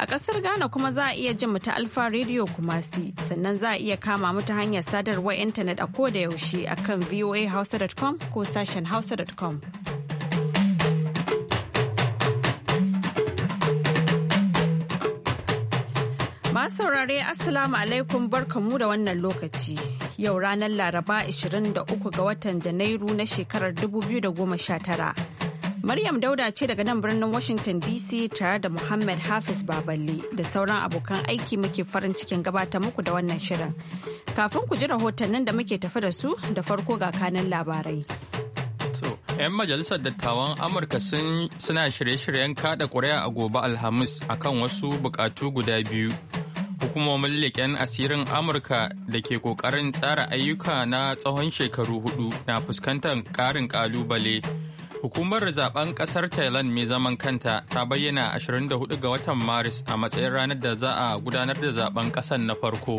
A ƙasar Ghana kuma za a iya jin mu ta Alfa Radio Kumasi sannan za a iya kama mu ta hanyar sadarwar intanet a ko da yaushe a kan voahausa.com ko sashen hausa.com. Masu saurare Assalamu alaikum barkamu da wannan lokaci. yau ranar laraba 23 ga watan janairu na shekarar 2019 Maryam Dauda ce daga nan birnin Washington DC tare da Muhammad Hafiz Baballe da sauran abokan aiki muke farin cikin gabatar muku da wannan shirin. Kafin ku ji rahotannin da muke tafi da su da farko ga kanan labarai. 'Yan majalisar dattawan Amurka suna shirye-shiryen kada ƙuri'a a gobe Alhamis akan wasu bukatu guda biyu. Hukumomin leƙen asirin Amurka da ke ƙoƙarin tsara ayyuka na tsawon shekaru hudu na fuskantar ƙarin ƙalubale. Hukumar zaben kasar Thailand mai zaman kanta ta bayyana 24 ga watan Maris a matsayin ranar da za a gudanar da zaben kasar na farko.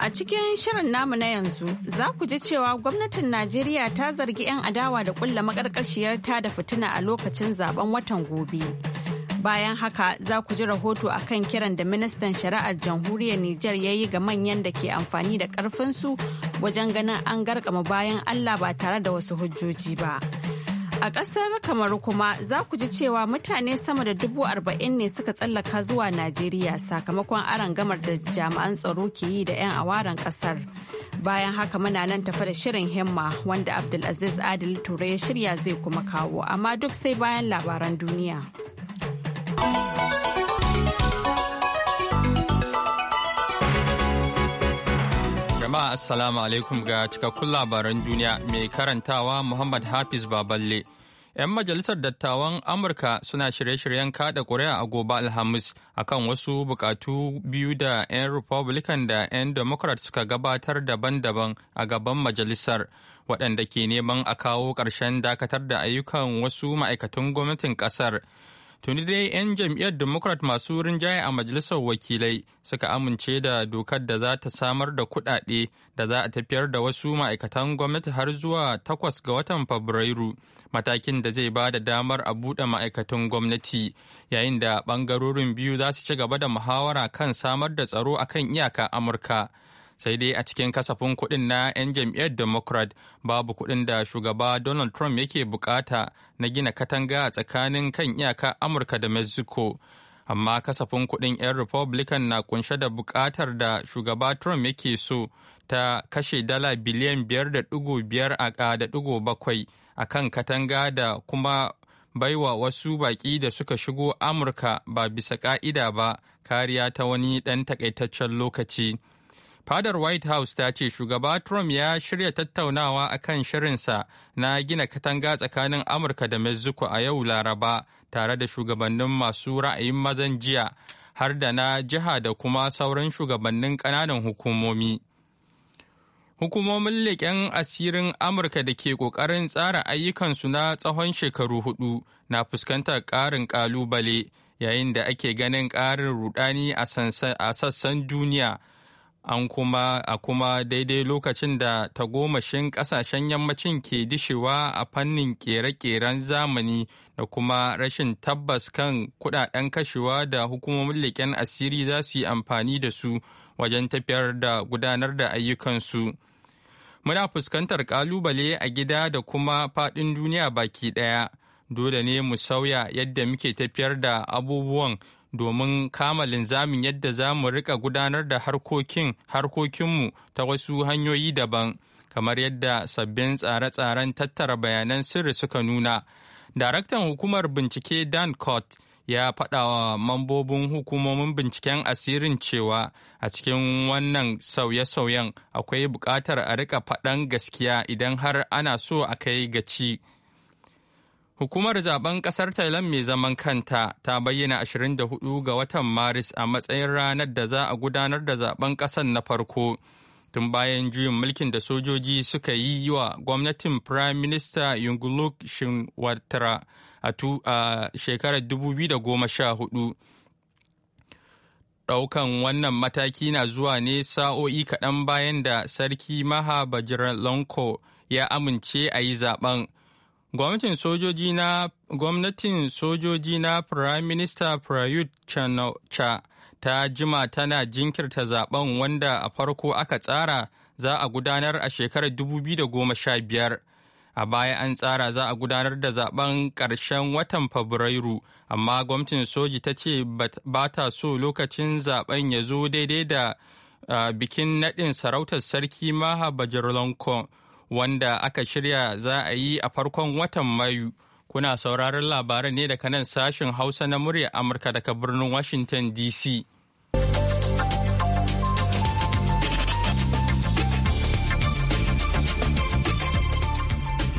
A cikin shirin namu na yanzu za ku ji cewa gwamnatin Najeriya ta zargi 'yan adawa da kulla makarkashiyar ta da fitina a lokacin zaben watan gobe. Bayan haka za ku ji rahoto a kan kiran da ministan shari'ar jamhuriyar Nijar ya yi ga manyan da ke amfani da ƙarfinsu wajen ganin an garkama bayan Allah ba tare da wasu hujjoji ba. A ƙasar kamar kuma za ku ji cewa mutane sama da dubu arba'in ne suka tsallaka zuwa Najeriya sakamakon aron gamar da jami'an tsaro ke yi da 'yan awaren ƙasar. Bayan haka muna nan tafa da shirin himma wanda Abdulaziz Adil Turai ya shirya zai kuma kawo amma duk sai bayan labaran duniya. jama'a assalamu alaikum ga cikakkun labaran duniya mai karantawa Muhammad Hafiz Baballe. 'Yan majalisar dattawan Amurka suna shirye-shiryen kada ƙuri'a a gobe Alhamis akan wasu bukatu biyu da 'yan Republican da 'yan Democrat suka gabatar daban-daban a gaban majalisar waɗanda ke neman a kawo ƙarshen dakatar da ayyukan wasu ma'aikatan gwamnatin ƙasar. tuni dai 'yan jam'iyyar democrat masu rinjaye a majalisar wakilai suka amince da dokar da za ta samar da kuɗaɗe da za a tafiyar da wasu ma'aikatan gwamnati har zuwa takwas ga watan fabrairu matakin da zai ba da damar a buɗe ma'aikatan gwamnati yayin da ɓangarorin biyu za su ci gaba da muhawara kan samar da tsaro akan iyaka amurka sai dai a cikin kasafin kuɗin na 'yan jam'iyyar democrat babu kuɗin da shugaba donald trump yake bukata na gina katanga a tsakanin kan iyaka amurka da mexico amma kasafin kuɗin 'yan republican na kunshe da bukatar da shugaba trump yake so ta kashe dala biliyan 5.5 a bakwai a kan katanga da kuma baiwa wasu baƙi da suka shigo amurka ba bisa ƙa'ida ba kariya ta wani ɗan takaitaccen lokaci. Fadar White House ta ce shugaba Trump ya shirya tattaunawa a kan shirinsa na gina katanga tsakanin Amurka da Mexico a yau Laraba tare da shugabannin masu ra'ayin mazan jiya har da na jiha da kuma sauran shugabannin ƙananan hukumomi. Hukumomin leƙen asirin Amurka da ke ƙoƙarin tsara ayyukansu na tsawon shekaru hudu na fuskantar ƙarin ƙalubale yayin da ake ganin ƙarin rudani a sassan duniya. an kuma a kuma daidai lokacin da tagomashin kasashen yammacin ke dishewa a fannin kere-keren zamani da kuma rashin tabbas kan kudaden kashewa da hukumomin leƙen asiri za su yi amfani da su wajen tafiyar da gudanar da ayyukansu muna fuskantar kalubale a gida da kuma faɗin duniya baki ɗaya dole ne mu sauya yadda muke tafiyar da abubuwan domin kama linzamin yadda za mu rika gudanar da harkokin harkokinmu ta wasu hanyoyi daban kamar yadda sabbin tsare-tsaren tattara bayanan sirri suka nuna daraktan hukumar bincike dan court ya faɗa wa mambobin hukumomin binciken asirin cewa a cikin wannan sauye-sauyen akwai buƙatar a rika faɗan gaskiya idan har ana so a kai ga ci Hukumar zaben ƙasar Thailand mai zaman kanta ta bayyana 24 ga watan Maris a matsayin ranar da za a gudanar da zaben kasar na farko. Tun bayan juyin mulkin da sojoji suka yi wa gwamnatin Prime Minister Yingluck Shinawatra a shekarar 2014. Ɗaukan wannan mataki na zuwa ne sa'o'i kaɗan bayan da Sarki Maha Bajiralanko ya amince a yi zaben. Gwamnatin sojoji na gwamnatin sojoji na Prime Minister Prayut Chanocha ta jima tana jinkirta zaben wanda a farko aka tsara za a gudanar a shekarar 2015. A baya an tsara za a gudanar da zaben ƙarshen watan Fabrairu, amma gwamnatin soji ta ce ba ta so lokacin zaben ya zo daidai da bikin naɗin sarautar sarki Maha Bajirlanko. wanda aka shirya za a yi a farkon watan mayu kuna sauraron labaran ne daga nan sashen hausa na murya amurka daga birnin washington dc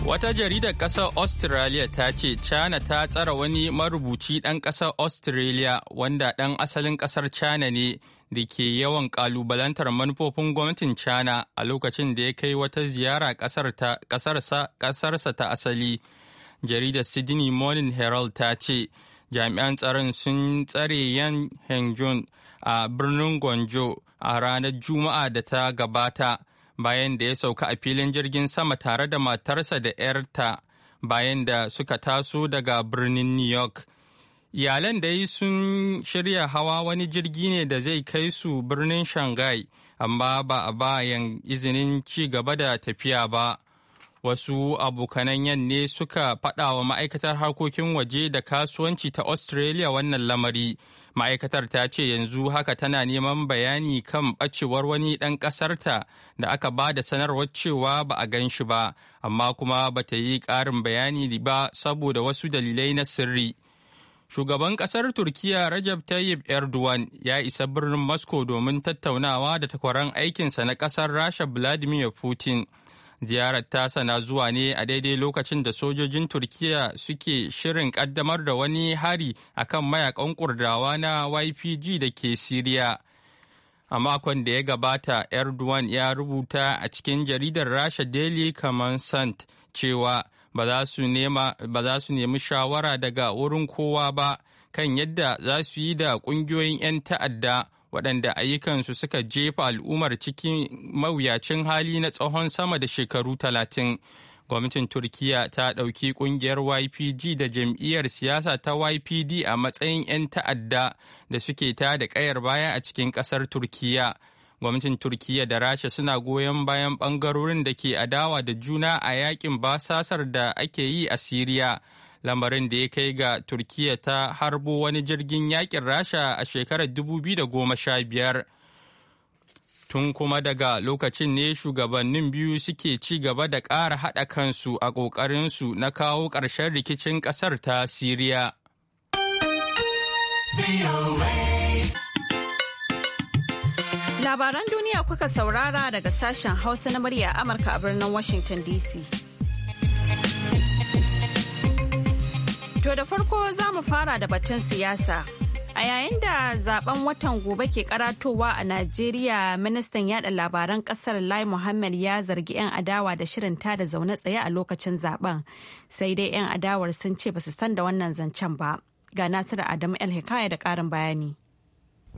Wata jaridar kasar Australia ta ce China ta tsara wani marubuci ɗan kasar Australia wanda ɗan asalin kasar China ne da ke yawan kalubalantar manufofin gwamnatin China a lokacin da ya kai wata ziyara ƙasarsa ta asali. Jaridar Sydney Morning Herald ta ce, jami'an tsaron sun tsare Yan Hengjun a birnin Gwanjo a ranar Juma'a da ta gabata bayan da ya sauka a filin jirgin sama tare da matarsa da 'yarta bayan da suka taso daga birnin New York. Iyalan dai sun shirya hawa wani jirgi ne da zai kai su birnin Shanghai, amma ba a bayan izinin ci gaba da tafiya ba. Wasu abokanan yan ne suka faɗa wa ma'aikatar harkokin waje da kasuwanci ta Australia wannan lamari. Ma'aikatar ta ce yanzu haka tana neman bayani kan ɓacewar wani ɗan ƙasarta da aka ba da sanarwar cewa ba a gan shi ba, amma kuma ba ta yi ƙarin bayani ba saboda wasu dalilai na sirri. Shugaban ƙasar Turkiyya Rajab Tayyip Erdogan ya isa birnin Moscow domin tattaunawa da takwaran aikinsa na ƙasar Rasha Vladimir Putin. Ziyarar ta sana zuwa ne a daidai lokacin da sojojin Turkiyya suke shirin ƙaddamar da wani hari a kan mayakan kurdawa na YPG da ke Siriya. A makon da ya gabata, Erdogan ya rubuta a cikin jaridar Rasha Daily Command cewa ba za su nemi shawara daga wurin kowa ba kan yadda za su yi da ƙungiyoyin 'yan ta'adda waɗanda ayyukansu suka jefa al'ummar cikin mawuyacin hali na tsawon sama da shekaru talatin. Gwamnatin Turkiyya ta ɗauki ƙungiyar YPG da jam'iyyar siyasa ta YPD a matsayin 'yan ta'adda da suke ta da ƙayar baya a cikin ƙasar Turkiyya. gwamnatin turkiyya da rasha suna goyon bayan bangarorin da ke adawa da juna a yakin basasar da ake yi a siriya lamarin da ya kai ga turkiyya ta harbo wani jirgin yakin rasha a shekarar 2015 tun kuma daga lokacin ne shugabannin biyu suke ci gaba da ƙara haɗa kansu a ƙoƙarinsu na kawo ƙarshen rikicin ƙasar ta siriya Labaran duniya kuka saurara daga sashen Hausa na murya Amurka a birnin Washington DC. To da farko za mu fara da batun siyasa. A yayin da zaben watan gobe ke karatowa a Najeriya, ministan yada labaran kasar Lai Muhammad ya zargi 'yan adawa da shirin da zaune tsaye a lokacin zaben. Sai dai 'yan adawar sun ce basu san da wannan zancen ba. Ga Nasiru Adamu El Hikaya da ƙarin bayani.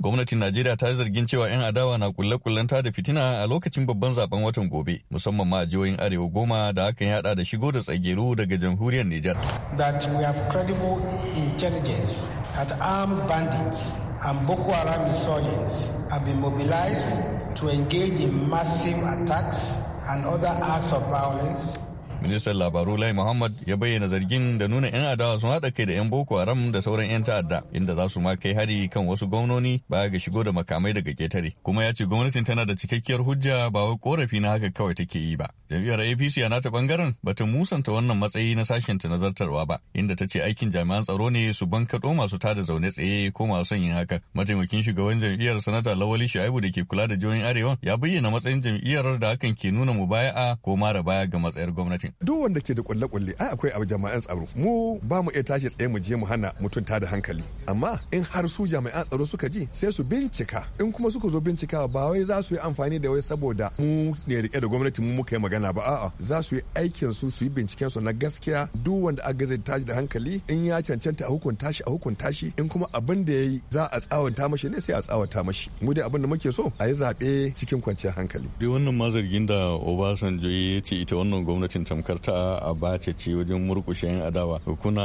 Gwamnatin Najeriya ta zargin cewa 'yan adawa na kulle-kullen ta da fitina a lokacin babban zaben watan gobe, musamman ma a jihohin Arewa goma da hakan yada da shigo da tsagero daga jamhuriyar Nijar. That we have credible intelligence that armed bandits and Boko Haram insurgents have been mobilized to engage in massive attacks and other acts of violence Ministan labaru Lai Muhammad ya bayyana zargin da nuna 'yan adawa sun haɗa kai da 'yan Boko Haram da sauran 'yan ta'adda inda za su ma kai hari kan wasu gwamnoni baya ga shigo da makamai daga ketare. Kuma ya ce gwamnatin tana da cikakkiyar hujja ba wai korafi na haka kawai take yi ba. Jam'iyyar APC a nata bangaren ta musanta wannan matsayi na sashen ta nazartarwa ba inda ta ce aikin jami'an tsaro ne su bankaɗo masu tada zaune tsaye ko masu son yin haka. Mataimakin shugaban jam'iyyar sanata Lawali Shu'aibu da ke kula da jihohin Arewa ya bayyana matsayin jam'iyyar da hakan ke nuna mubaya'a ko mara baya ga matsayar gwamnatin. duk wanda ke da kwalle-kwalle ai akwai abu jama'an tsaro mu ba mu iya tashi tsaye mu je mu hana mutum da hankali amma in har su jami'an tsaro suka ji sai su bincika in kuma suka zo bincika ba wai za su yi amfani da wai saboda mu ne rike da gwamnati mu muka yi magana ba a'a za su yi aikin su su yi binciken su na gaskiya duk wanda aka gaza tashi da hankali in ya cancanta a hukunta shi a hukunta shi in kuma abin da yayi za a tsawanta mashi ne sai a tsawanta mashi mu dai abin da muke so a yi zaɓe cikin kwanciyar hankali dai wannan ma zargin da Obasanjo ya ce ita wannan gwamnatin ta tamkar ta bace ce wajen murkushe yan adawa kuna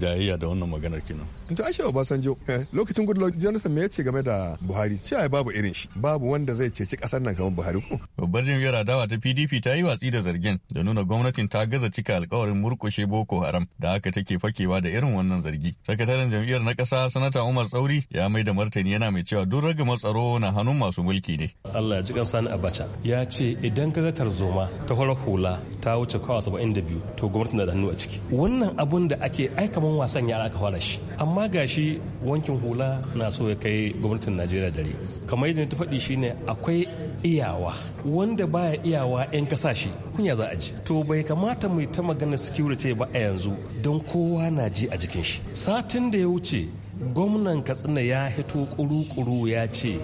jayayya da wannan maganar kenan to ashe obasanjo eh, lokacin goodluck jonathan me yace game da buhari ai babu irin shi babu wanda zai ceci kasar nan kamar buhari ko babbar jam'iyyar adawa ta pdp ta yi watsi da zargin da nuna gwamnatin ta gaza cika alkawarin murkushe boko haram da haka take fakewa da irin wannan zargi sakataren jam'iyyar na kasa sanata umar tsauri ya mai da martani yana mai cewa duk raga tsaro na hannun masu mulki ne allah ya ji kan sani abacha ya ce idan ka ga tarzoma ta hula ta wuce kawa saba'in da biyu to gwamnati na da hannu a ciki wannan abun da ake aikaman wasan yara aka fara shi amma gashi wankin hula na so ya kai gwamnatin najeriya dare kamar yadda ta faɗi shine akwai iyawa wanda baya iyawa 'yan shi kunya za a ji to bai kamata mu ta magana security ba a yanzu don kowa na ji a jikin shi satin da ya wuce gwamnan katsina ya hito kuru-kuru ya ce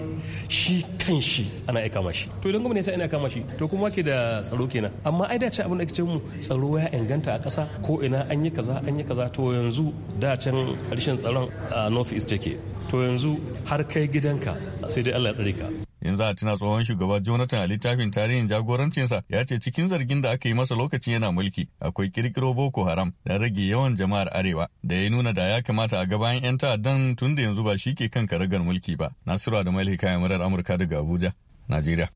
shi kan shi ana aika mashi to idan gwamnati ya ina kama shi to kuma ke da tsaro kenan amma ai da ce abin da ake mu tsaro ya inganta a ƙasa ko ina an yi kaza an yi kaza to yanzu da can harshen tsaron a ah, north east yake to yanzu har kai gidanka sai dai Allah ya tsare ka in za a tuna tsohon shugaba jonathan a littafin tarihin jagorancinsa ya ce cikin zargin da aka yi masa lokacin yana mulki akwai kirkiro boko haram da rage yawan jama'ar arewa da ya nuna da ya kamata a gabayan 'yan ta'addan tun da yanzu ba shi ke kan karagar mulki ba nasiru da malika kayan murar amurka daga abuja najeriya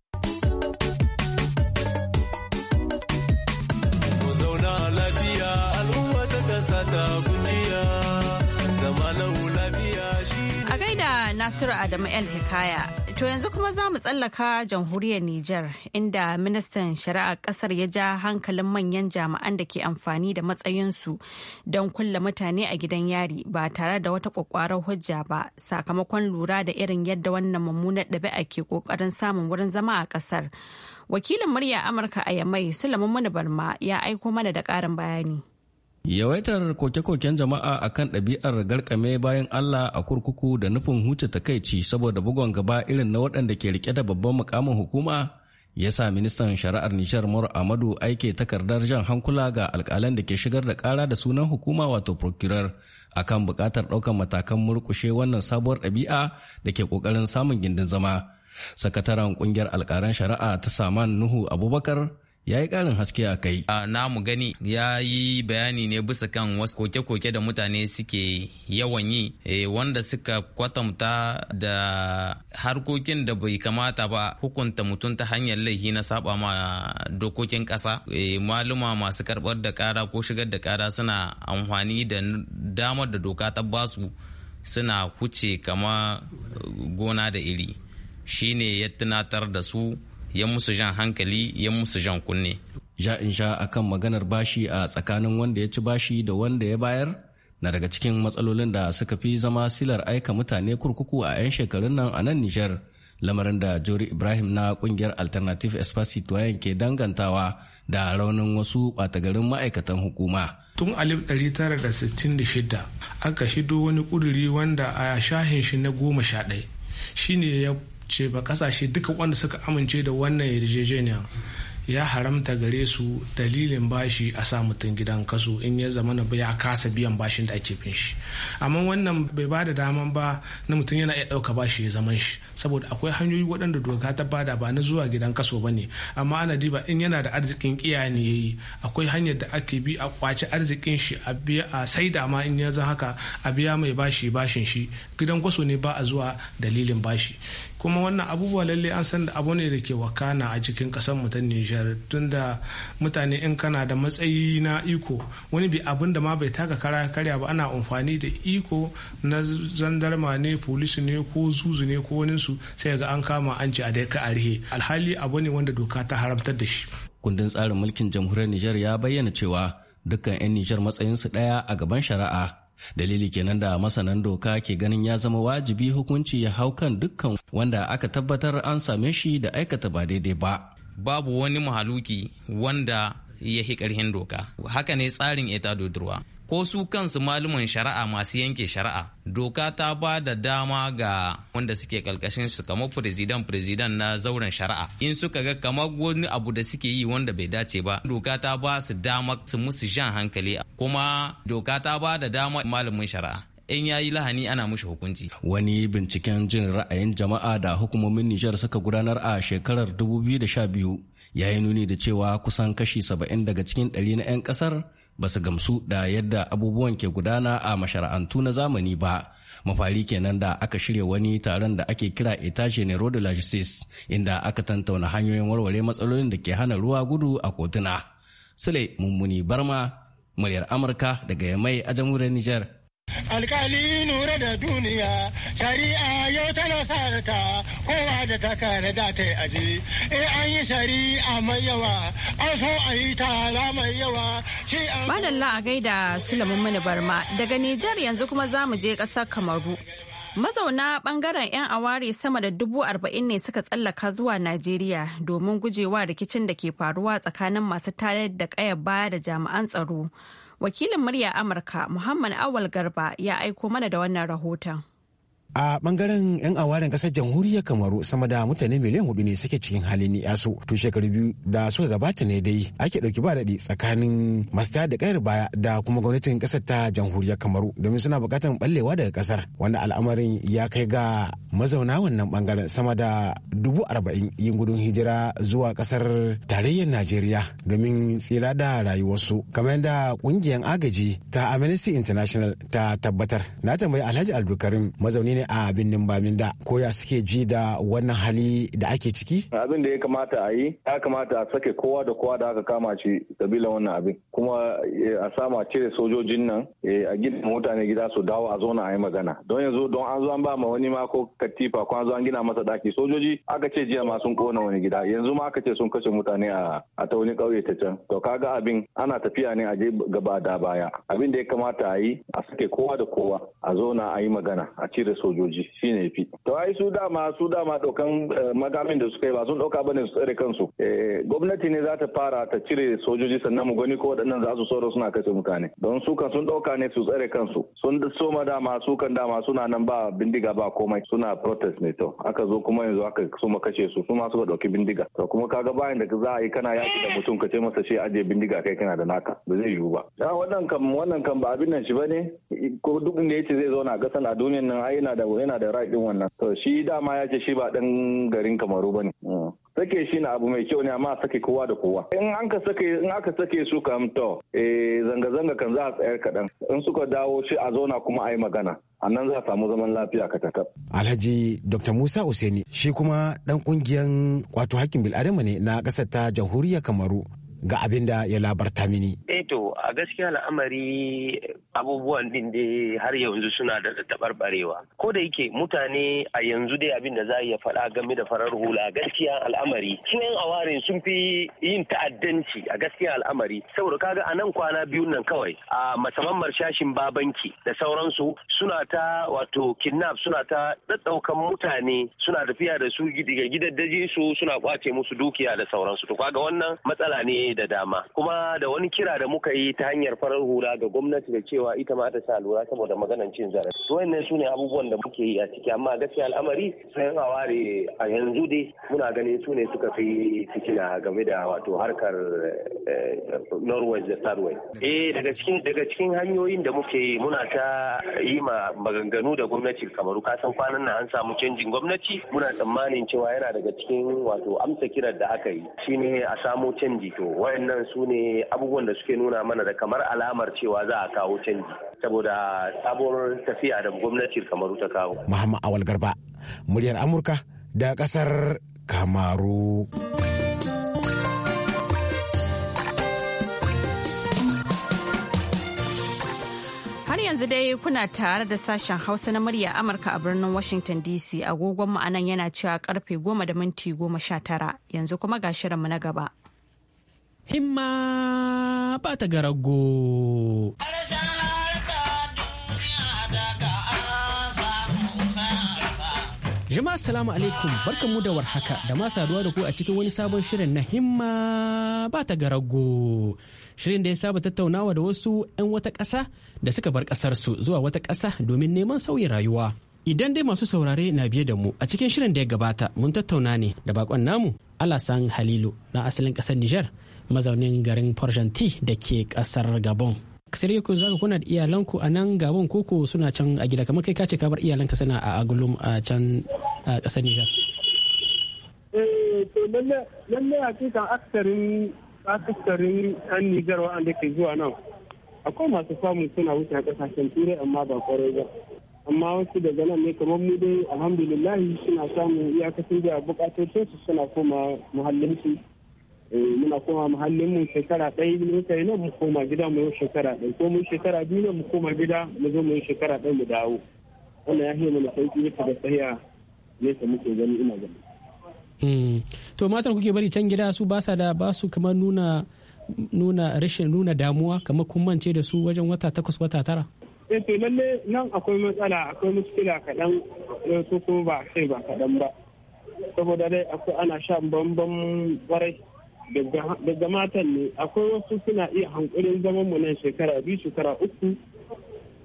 A gaida Nasiru Adamu El Hikaya To yanzu kuma za mu tsallaka jamhuriyar Nijar inda ministan shari'a kasar ya ja hankalin manyan jami'an da ke amfani da matsayinsu don kulle mutane a gidan yari ba tare da wata kwakwarar hujja ba sakamakon lura da irin yadda wannan mummunar ɗabi'a ke kokarin samun wurin zama a kasar. Wakilin murya Amurka a Yamai Sulaiman Muni Barma ya aiko mana da ƙarin bayani. Yawaitar koke-koken jama'a a kan ɗabi'ar garkame bayan Allah a kurkuku da nufin huce takaici saboda bugon gaba irin na waɗanda ke rike da babban mukamin hukuma ya sa ministan shari'ar Nishar Mor Amadu aike takardar jan hankula ga alƙalan da ke shigar da ƙara da sunan hukuma wato procurer kan buƙatar ɗaukar matakan murƙushe wannan sabuwar ɗabi'a da ke ƙoƙarin samun gindin zama. Sakataren ƙungiyar alƙalan shari'a ta Saman Nuhu Abubakar ya yi ƙarin haske a kai. A namu gani ya yi bayani ne bisa kan wasu koke-koke da mutane suke yawan yi e, wanda suka kwatanta da harkokin da bai kamata ba hukunta mutum ta hanyar laifi na saba ma dokokin ƙasa. E, maluma masu karɓar da kara ko shigar da kara suna amfani da damar da doka ta basu suna huce kama gona da iri. Shine ya tunatar da su ya musu jan hankali ya musu jan kunne ja in sha akan maganar bashi a tsakanin wanda ya ci bashi da wanda ya bayar na daga cikin matsalolin da suka fi zama silar aika mutane kurkuku a 'yan shekarun nan a nan Nijar lamarin da Jori Ibrahim na kungiyar Alternative Tuwayen ke dangantawa da raunin wasu ɓatagarin ma'aikatan hukuma. Tun 1966 aka shido wani ƙuduri wanda a shahin shi na goma sha ɗaya shine ya ce ba kasashe duka wanda suka amince da wannan yarjejeniya ya haramta gare su dalilin bashi a sa mutum gidan kaso in ya zama na ya kasa biyan bashin da ake bin shi amma wannan bai ba da daman ba na mutum yana iya ɗauka bashi ya zaman shi saboda akwai hanyoyi waɗanda doka ta bada ba na zuwa gidan kaso ba ne amma ana diba in yana da arzikin kiya ne ya yi akwai hanyar da ake bi a kwaci arzikin shi a biya a saida ma in ya haka a biya mai bashi bashin shi gidan kaso ne ba a zuwa dalilin bashi kuma wannan abubuwa lalle an san da abu ne da ke wakana a cikin ƙasar mu ta Nijar Nijar tunda mutane in kana da matsayi na iko wani bi abin da ma bai taka kara karya ba ana amfani da iko na zandarma ne polisi ne ko zuzu ne ko wani su sai ga an kama an ci a dai ka arhe alhali abu ne wanda doka ta haramtar da shi. Kundin tsarin mulkin jamhuriyar Nijar ya bayyana cewa dukkan 'yan Nijar su daya a gaban shari'a dalili kenan da masanan doka ke ganin ya zama wajibi hukunci ya hau kan dukkan wanda aka tabbatar an same shi da aikata ba daidai ba babu wani mahaluki wanda ya hi karhin doka haka ne tsarin ita dodurwa ko su kansu malumin shari'a masu yanke shari'a doka ta ba da dama ga wanda suke kalkashin su kamar firizidan firizidan na zauren shari'a in suka ga kamar wani abu da suke yi wanda bai dace ba doka ta ba su dama su musu jan hankali kuma doka ta ba da dama malamin shari'a in ya yi lahani ana mushi hukunci. Wani binciken jin ra'ayin jama'a da hukumomin Nijar suka gudanar a shekarar 2012 ya yi nuni da cewa kusan kashi 70 daga cikin ɗari na 'yan ƙasar ba su gamsu da yadda abubuwan ke gudana a mashara'antu na zamani ba. Mafari kenan da aka shirya wani taron da ake kira etashe ne de Logistics inda aka tantauna hanyoyin warware matsalolin da ke hana ruwa gudu a kotuna. Sule Mummuni Barma, muryar Amurka daga Yamai a jamhuriyar Nijar. Alkali nura da duniya, shari'a yau tana sa kowa da ta kare da ta aji. Eh an yi shari'a mai yawa, an so a yi tara mai yawa. Madalla a gaida Sulaiman Mani Barma daga Nijar yanzu kuma za mu je ƙasar Kamaru. Mazauna bangaren 'yan awari sama da dubu arba'in ne suka tsallaka zuwa Najeriya domin gujewa rikicin da ke faruwa tsakanin masu tayar da kaya baya da jami'an tsaro. Wakilin murya Amurka Muhammad Awal Garba ya aiko mana da wannan rahoton. a bangaren yan awaren kasar jamhuriyar kamaru sama da mutane miliyan hudu ne suke cikin halin yasu to shekaru biyu da suka gabata ne dai ake dauki ba daɗi tsakanin masu da kayar baya da kuma gwamnatin kasar ta jamhuriyar kamaru domin suna bukatar ballewa daga kasar wanda al'amarin ya kai ga mazauna wannan bangaren sama da dubu arba'in yin gudun hijira zuwa kasar tarayyar najeriya domin tsira da rayuwarsu kamar yadda kungiyar agaji ta amnesty international ta tabbatar na tambayi alhaji abdulkarim mazauni ne a birnin Baminda ko ya suke ji da wannan hali da ake ciki? Abin da ya kamata a yi, ya kamata a sake kowa da kowa da aka kama shi sabila wannan abin. Kuma eh, a sama cire sojojin nan eh, a gina mutane gida su dawo a zauna a yi magana. Don yanzu don an zo an ba ma wani ma ko katifa ko an zo an gina masa daki sojoji aka ce jiya ma sun kona wani gida yanzu ma aka ce sun kashe mutane a ta wani ƙauye ta can. To kaga abin ana tafiya ne a je gaba da baya. Abin da ya kamata a yi a sake kowa da kowa a zauna a yi magana a cire sojoji. sojoji shine yafi to ai su dama su dama daukan eh, makamin da suka yi ba sun dauka bane su tsare kansu eh, gwamnati ne za ta fara ta cire sojoji sannan mu gani ko waɗannan za su soro suna kashe mutane don su kan sun dauka ne su tsare kansu sun soma dama su kan dama suna nan ba bindiga ba komai suna protest ne to aka zo kuma yanzu aka soma kashe su su ma suka dauki bindiga to kuma kaga bayan da za a yi kana yaki da mutum ka ce masa shi aje bindiga kai kana da naka ba zai yiwu ba ah, wannan kan wannan kan ba abin nan shi bane ko duk inda yace zai zauna a kasan duniyan nan ai yana da yana da right wannan to shi dama ya ce shi ba dan garin kamaru bane mm. sake shi na abu mai kyau ne amma sake kowa da kowa in an ka sake in aka sake su kam to eh, zanga zanga kan za a tsayar kaɗan in suka dawo shi a zauna kuma a yi magana a nan za a samu zaman lafiya ka ta alhaji dr musa Useni shi kuma dan kungiyan wato hakkin bil'adama ne na kasar ta jamhuriyar kamaru ga abin da ya labarta mini. Eto eh a gaskiya al'amari abubuwan din dai har yanzu suna da taɓarɓarewa ko da yake mutane a yanzu dai abin da za a iya faɗa game da farar hula gaskiya al'amari su yan awarin sun fi yin ta'addanci a gaskiya al'amari saboda kaga a nan kwana biyu nan kawai a masamman shashin babanki da sauransu suna ta wato kidnap suna ta daddaukan mutane suna tafiya da su daga gidaddajin su suna kwace musu dukiya da sauransu to kaga wannan matsala ne da dama kuma da wani kira da muka yi ta hanyar farar hula ga gwamnati da cewa cewa ita ma ta sa lura saboda maganan cin zarafi to wannan su ne abubuwan da muke yi a ciki amma gaskiya al'amari sayan aware a yanzu dai muna ganin su ne suka fi fitina game da wato harkar eh, norway da starway eh daga cikin daga cikin hanyoyin da muke yi muna ta yi ma maganganu da gwamnati kamaru san kwanan nan an samu canjin gwamnati muna tsammanin cewa yana daga cikin wato amsa kiran da aka yi shine a samu canji to wayannan su ne abubuwan da suke nuna mana da kamar alamar cewa za a kawo canji yin saboda sabuwar tafiya da gwamnati kamaru ta kawo. Muhammad Awal Garba, muryar Amurka da ƙasar Kamaru. Har yanzu dai kuna tare da sashen Hausa na murya Amurka a birnin Washington DC agogon ma'anan yana cewa karfe goma da minti goma sha tara yanzu kuma ga shirinmu na gaba. himma ba ta garago. Jama'a salamu alaikum barkanmu da warhaka da ma saduwa da ku a cikin wani sabon shirin na himma ba ta garago. Shirin da ya saba tattaunawa da wasu 'yan wata ƙasa da suka bar ƙasarsu zuwa wata ƙasa domin neman sauyin rayuwa. Idan dai masu saurare na biye da mu a cikin shirin da ya gabata mun tattauna ne da bakon namu Alasan Halilu na asalin ƙasar Nijar. mazaunin garin Porjanti da ke kasar Gabon. sai ku za kuna da iyalanku a nan Gabon koko suna can a gida kamar kai kace ka bar iyalanka sana a Agulum a can a kasar Nijar. Eh to lalle lalle aksarin aksarin an Nijar wa'anda ke zuwa nan akwai masu samun suna wuce a kasashen turai amma ba kwarai ba amma wasu daga nan ne kamar mu dai alhamdulillahi suna samun iyakacin da bukatocin su suna koma muhallinsu Eh, muna koma muhallin mu shekara ɗaya muka yi nan mu koma gida mu yi shekara ɗaya ko mu shekara biyu nan mu koma gida mu zo mu yi shekara ɗaya mu dawo wannan ya hiyar mana sauki ta da ne ta muke gani ina gani. Hmm. to matan kuke bari can gida su ba sa da ba su kamar nuna nuna rashin nuna damuwa kamar kun mance da su wajen wata takwas wata tara. eh to lalle nan akwai matsala akwai muskila kaɗan ko kuma ba sai ba kaɗan ba saboda dai akwai ana shan bambam kwarai daga matan ne akwai wasu suna iya hankulin zaman mu nan shekara biyu shekara uku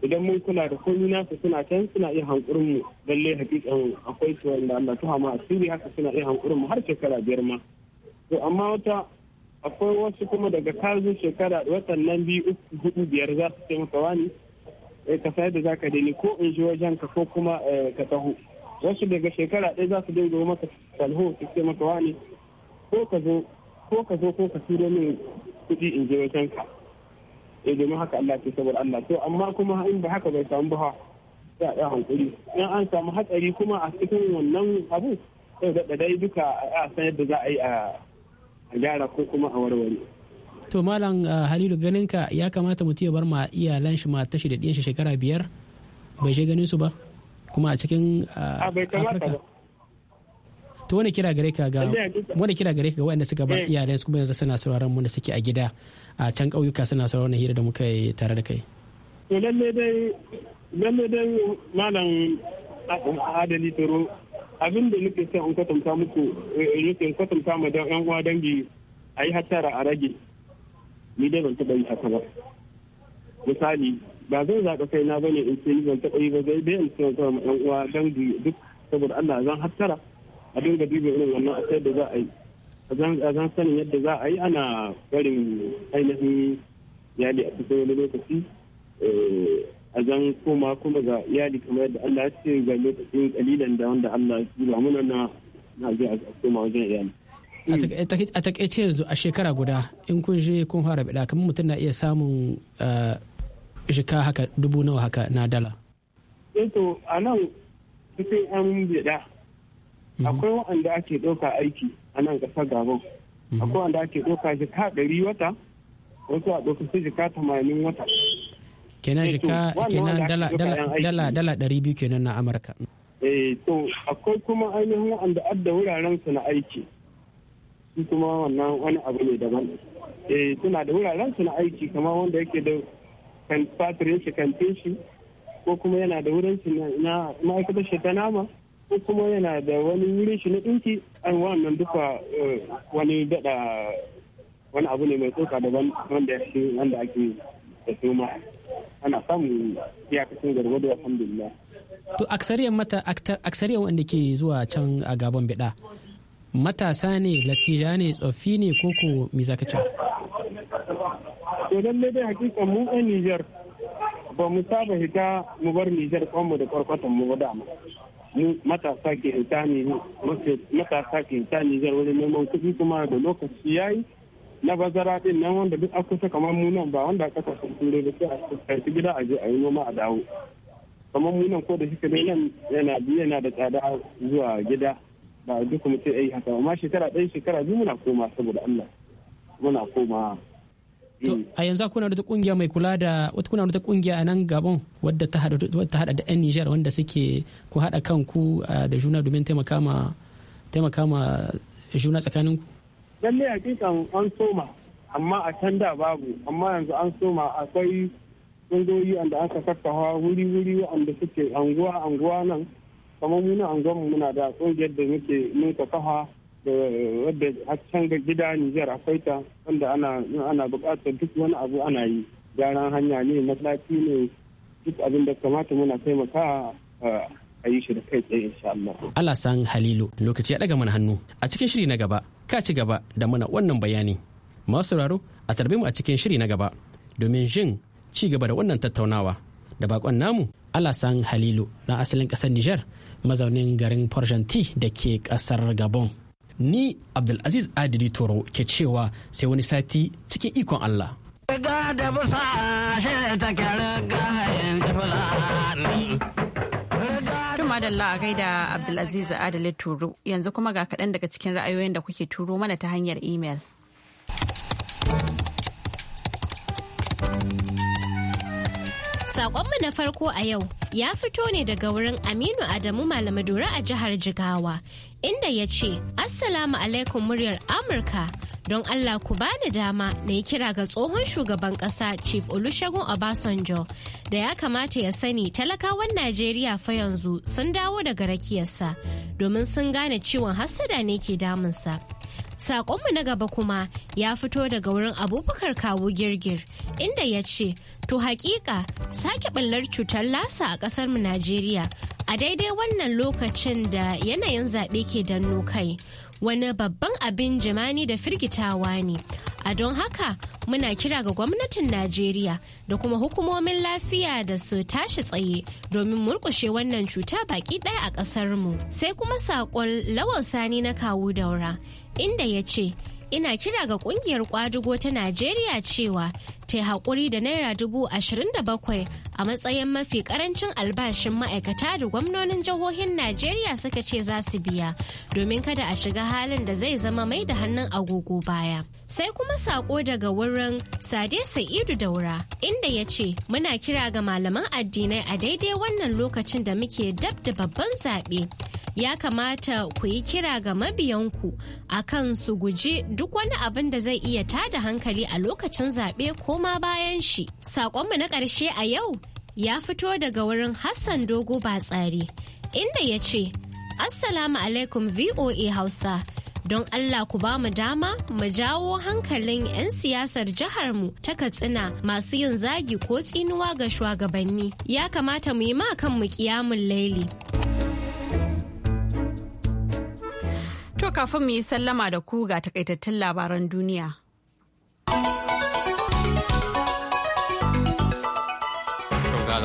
idan mun kula da komi nasu suna can suna iya hankulin mu lalle hakikan akwai su wanda Allah tuha ma asiri haka suna iya hankulin mu har shekara biyar ma to amma wata akwai wasu kuma daga kazo shekara watan nan biyu uku hudu biyar za su ce maka wani eh, ka sai da zaka daini ko in ji wajen ka ko kuma eh, ka taho wasu daga shekara ɗaya za su dinga maka salho su ce maka wani ko ka zo ko ka zo ko ka turo min kuɗi in je wajen ka eh domin haka Allah ke saboda Allah to amma kuma in ba haka bai samu ba sai a ɗan hankali in an samu hatsari kuma a cikin wannan abu sai da dai duka a san yadda za a yi a gyara ko kuma a warware to malam uh, halilu ganin ka ya kamata mutum ya bar ma iyalan shi mata shi da ɗiyan shi shekara biyar bai shi ganin su ba kuma a cikin uh, ba to wani kira gare ka ga wani kira gare ka ga waɗanda suka bar eh. iyalan su kuma yanzu suna sauraron mu da suke a gida a can ƙauyuka suna sauraron hira da muka yi tare da kai to lalle dai lalle dai malam adali toro abin da nake son in kwatanta muku eh, nake in kwatanta ma dan yan uwa dangi a yi hattara a rage ni dai ban taɓa yi haka ba misali ba zan zaɓa kai na bane in ce ban taɓa yi ba zai dai in ce ma yan uwa dangi duk saboda Allah zan hattara a dinga duba irin wannan a da za a yi a zan sanin yadda za a yi ana barin ainihin yali a cikin wani lokaci eh, a zan koma kuma ga yali kamar yadda Allah ya ce ga lokacin kalilan da wanda Allah ya tura muna na na je a koma wajen yali a takaice yanzu a shekara guda in kun je kun fara bida kamar mutum na iya samun shika eh, haka dubu nawa haka na dala. Yanto eh a nan cikin an bida Mhm. akwai waɗanda ake ɗauka aiki a nan ƙasar gabon mhm. akwai wanda ake ɗauka jika ɗari wata wasu a ɗauka su jika tamanin wata kenan eh, jika kenan dala dala ɗari biyu kenan na amurka eh to akwai kuma ainihin wanda adda wuraren su na aiki su kuma wannan wani abu ne daban eh suna da wuraren su na aiki kamar wanda yake da kan fatirin shi kan ko kuma yana da wurin shi na ma'aikatar shi ta nama ko kuma yana da wani wurin shi na dinki an wannan duka eh, wani dada wani abu ne mai tsoka daban wanda shi wanda ake da suma ana samun iyakacin gargado alhamdulillah to aksariyar mata aksariyar wanda ke zuwa can a gaban bida matasa ne latija ne tsofi ne koko me zaka ce to ne dai hakika mu ɗan Nijar ba mu saba hita mu bar Nijar kwanmu da kwarkwatan mu ba dama mu matasa ke insani matasa ke insani zai wurin neman kuɗi kuma da lokaci ya yi na bazara din nan wanda duk aka kusa kamar munan nan ba wanda aka kasa turai da sai a tafi gida a je a yi noma a dawo kamar mu nan ko da shika nan yana biyu yana da tsada zuwa gida ba duk mutum ya yi haka amma shekara ɗaya shekara biyu muna koma saboda Allah muna koma To mm. a yanzu kuna wata kungiya mai kula da wata kuna wata kungiya a nan Gabon wadda ta hada da 'yan nijar wanda suke ku hada kanku da juna domin taimaka ma juna tsakanin ku. Lalle hakika an soma amma a can da babu amma yanzu an soma akwai kungiyoyi wanda aka kakkawa wuri wuri wanda suke anguwa anguwa nan kamar muna mu muna da kungiyar da muke mun kafa wadda can ga gida Nijar akwai ta wanda ana ana buƙatar duk wani abu ana yi gyaran hanya ne masallaci ne duk abin da kamata muna taimaka a yi shi da kai tsaye insha Allah. Allah san Halilu lokaci ya daga mana hannu a cikin shiri na gaba ka ci gaba da mana wannan bayani. Masu sauraro a tarbe mu a cikin shiri na gaba domin jin ci gaba da wannan tattaunawa da bakon namu Allah san Halilu na asalin ƙasar Nijar mazaunin garin Porjanti da ke ƙasar Gabon. Ni Abdulaziz Adili Toro ke cewa sai wani sati cikin ikon Allah. madalla a gaida Abdulaziz Adali Turu yanzu kuma ga kaɗan daga cikin ra'ayoyin da kuke turo mana ta hanyar imel. Sakonmu na farko a yau ya fito ne daga wurin Aminu Adamu Malamadura a jihar Jigawa inda ya ce, Assalamu alaikum muryar Amurka. don Allah ku bani dama na yi kira ga tsohon shugaban ƙasa Chief Olusegun Obasanjo da ya kamata ya sani talakawan Najeriya fa yanzu sun dawo daga rakiyarsa domin sun gane ciwon hassada ne ke damunsa. Saƙonmu na gaba kuma ya fito daga wurin abubakar kawo girgir inda ya ce, To haƙiƙa, sake ɓallar cutar lasa a ƙasarmu Najeriya a daidai wannan lokacin da yanayin zaɓe ke danno kai wani babban abin jimani da firgitawa ne a don haka muna kira ga gwamnatin najeriya da kuma hukumomin lafiya da su tashi tsaye domin murkushe wannan cuta baki ɗaya a ƙasarmu sai kuma saƙon lawal sani na kawu daura inda ya ce ina kira ga kungiyar kwadugo ta najeriya cewa ta yi haƙuri da naira dubu ashirin da bakwai a matsayin mafi ƙarancin albashin ma'aikata da gwamnonin jihohin najeriya suka ce za su biya domin kada a shiga halin da zai zama mai da hannun agogo baya sai kuma sako daga wurin sade sa'idu daura inda ya ce muna kira ga malaman addinai a daidai wannan lokacin da muke dab da babban zaɓe ya kamata ku yi kira ga mabiyanku a kan su guji duk wani abin da zai iya tada hankali a lokacin zaɓe ko kuma bayan shi. Saƙonmu na ƙarshe a yau ya fito daga wurin Hassan Dogo tsari inda ya ce, Assalamu alaikum VOA Hausa. Don Allah ku ba mu dama mu jawo hankalin 'yan siyasar jiharmu ta Katsina masu yin zagi ko tsinuwa ga shugabanni. Ya kamata mu yi ma kanmu kiyamun laili. To kafin mu yi sallama da ku ga takaitattun labaran duniya.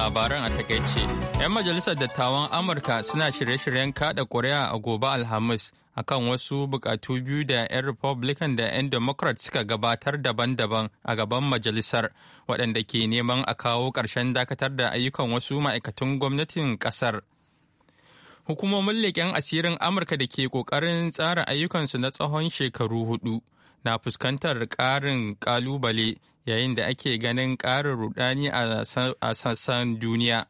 labaran a takaice. 'Yan majalisar dattawan Amurka suna shirye-shiryen kada ƙuri'a a gobe Alhamis akan wasu bukatu biyu da 'yan Republican da 'yan Democrat suka gabatar daban-daban a gaban majalisar waɗanda ke neman a kawo ƙarshen dakatar da ayyukan wasu ma'aikatan gwamnatin ƙasar. Hukumomin leƙen asirin Amurka da ke ƙoƙarin tsara ayyukansu na tsawon shekaru hudu. na fuskantar ƙarin ƙalubale yayin da ake ganin ƙarin rudani a sassan duniya.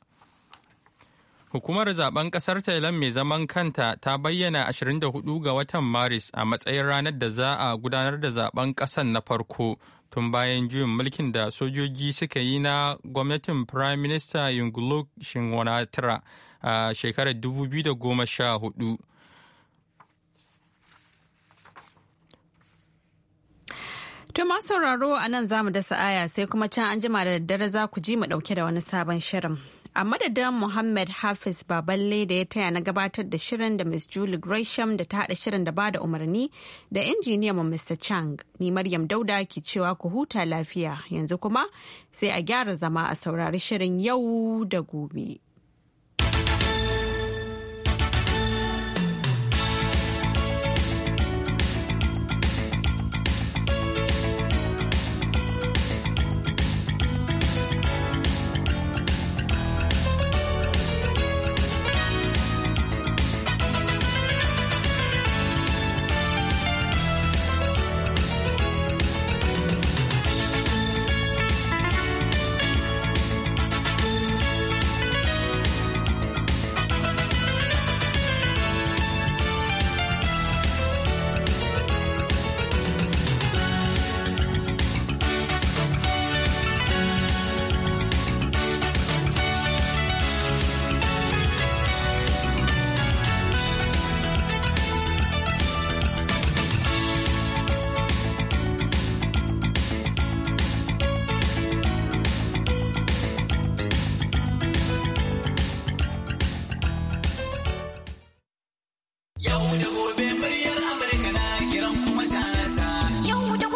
Hukumar zaben ƙasar Thailand mai zaman kanta ta bayyana 24 ga watan Maris a matsayin ranar da za a gudanar da zaben ƙasar na farko tun bayan juyin mulkin da sojoji suka yi na gwamnatin Prime Minister Yingluck Shinwanatra a shekarar 2014. To ma sauraro a nan za mu dasa aya sai kuma can an jima da daddare za ku ji mu dauke da wani sabon shirin. A madadin Muhammad Hafiz Baballe da ya taya na gabatar da shirin da Miss Julie Gresham da ta haɗa shirin da bada umarni da injiniyan mu Mr. Chang. Ni Maryam Dauda ke cewa ku huta lafiya yanzu kuma sai a gyara zama a saurari shirin yau da gobe.